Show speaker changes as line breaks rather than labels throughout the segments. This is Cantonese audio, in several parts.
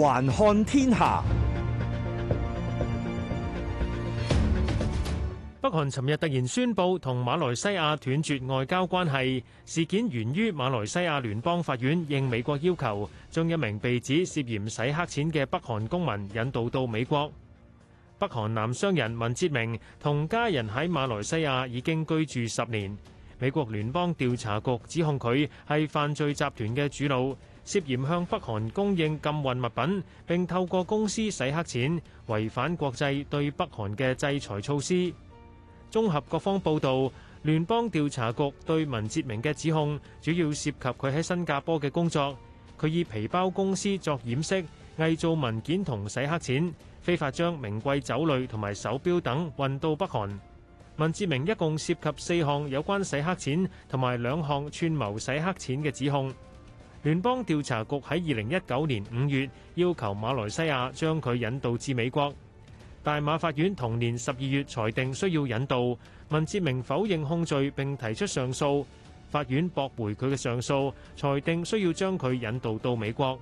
環看天下，北韓尋日突然宣布同馬來西亞斷絕外交關係。事件源於馬來西亞聯邦法院應美國要求，將一名被指涉嫌洗黑錢嘅北韓公民引渡到美國。北韓男商人文哲明同家人喺馬來西亞已經居住十年。美國聯邦調查局指控佢係犯罪集團嘅主腦。涉嫌向北韓供應禁運物品，並透過公司洗黑錢，違反國際對北韓嘅制裁措施。綜合各方報道，聯邦調查局對文哲明嘅指控主要涉及佢喺新加坡嘅工作。佢以皮包公司作掩飾，偽造文件同洗黑錢，非法將名貴酒類同埋手錶等運到北韓。文哲明一共涉及四項有關洗黑錢同埋兩項串謀洗黑錢嘅指控。聯邦調查局喺二零一九年五月要求馬來西亞將佢引渡至美國。大馬法院同年十二月裁定需要引渡。文哲明否認控罪並提出上訴，法院駁回佢嘅上訴，裁定需要將佢引渡到美國。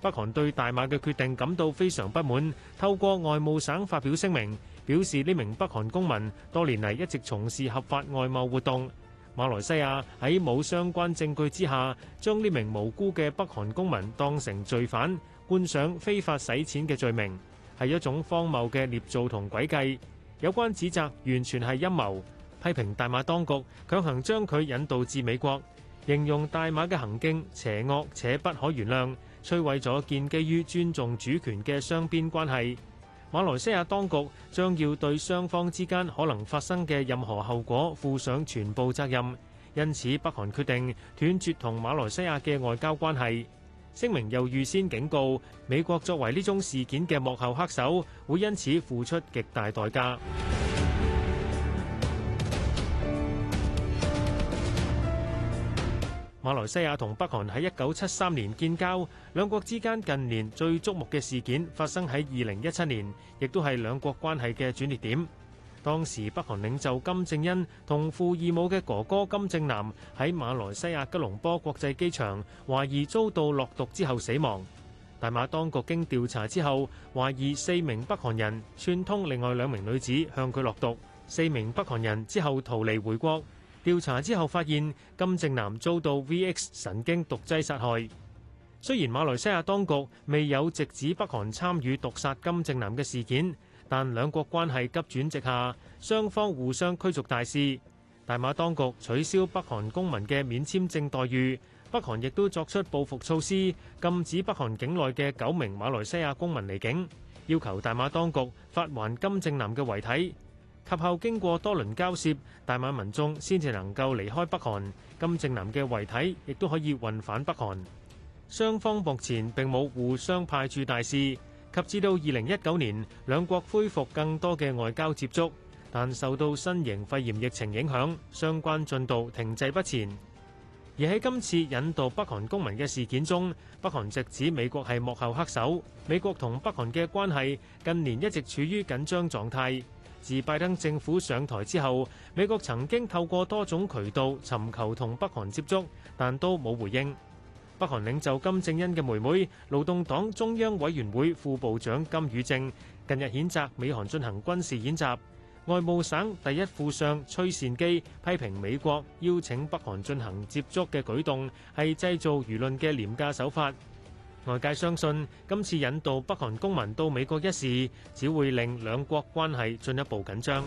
北韓對大馬嘅決定感到非常不滿，透過外務省發表聲明，表示呢名北韓公民多年嚟一直從事合法外貿活動。馬來西亞喺冇相關證據之下，將呢名無辜嘅北韓公民當成罪犯，冠上非法洗錢嘅罪名，係一種荒謬嘅捏造同詭計。有關指責完全係陰謀，批評大馬當局強行將佢引渡至美國，形容大馬嘅行徑邪惡且不可原諒，摧毀咗建基於尊重主權嘅雙邊關係。馬來西亞當局將要對雙方之間可能發生嘅任何後果負上全部責任，因此北韓決定斷絕同馬來西亞嘅外交關係。聲明又預先警告，美國作為呢宗事件嘅幕後黑手，會因此付出極大代價。馬來西亞同北韓喺一九七三年建交，兩國之間近年最矚目嘅事件發生喺二零一七年，亦都係兩國關係嘅轉捩點。當時北韓領袖金正恩同父異母嘅哥哥金正男喺馬來西亞吉隆坡國際機場，懷疑遭到落毒之後死亡。大馬當局經調查之後，懷疑四名北韓人串通另外兩名女子向佢落毒，四名北韓人之後逃離回國。調查之後發現金正男遭到 VX 神經毒劑殺害。雖然馬來西亞當局未有直指北韓參與毒殺金正男嘅事件，但兩國關係急轉直下，雙方互相驅逐大使。大馬當局取消北韓公民嘅免簽證待遇，北韓亦都作出報復措施，禁止北韓境內嘅九名馬來西亞公民離境，要求大馬當局發還金正男嘅遺體。及後經過多輪交涉，大馬民眾先至能夠離開北韓，金正男嘅遺體亦都可以運返北韓。雙方目前並冇互相派駐大使，及至到二零一九年兩國恢復更多嘅外交接觸，但受到新型肺炎疫情影響，相關進度停滯不前。而喺今次引渡北韓公民嘅事件中，北韓直指美國係幕後黑手。美國同北韓嘅關係近年一直處於緊張狀態。自拜登政府上台之後，美國曾經透過多種渠道尋求同北韓接觸，但都冇回應。北韓領袖金正恩嘅妹妹、勞動黨中央委員會副部長金與正近日譴責美韓進行軍事演習。外務省第一副相崔善姬批評美國邀請北韓進行接觸嘅舉動，係製造輿論嘅廉價手法。外界相信，今次引渡北韓公民到美國一事，只會令兩國關係進一步緊張。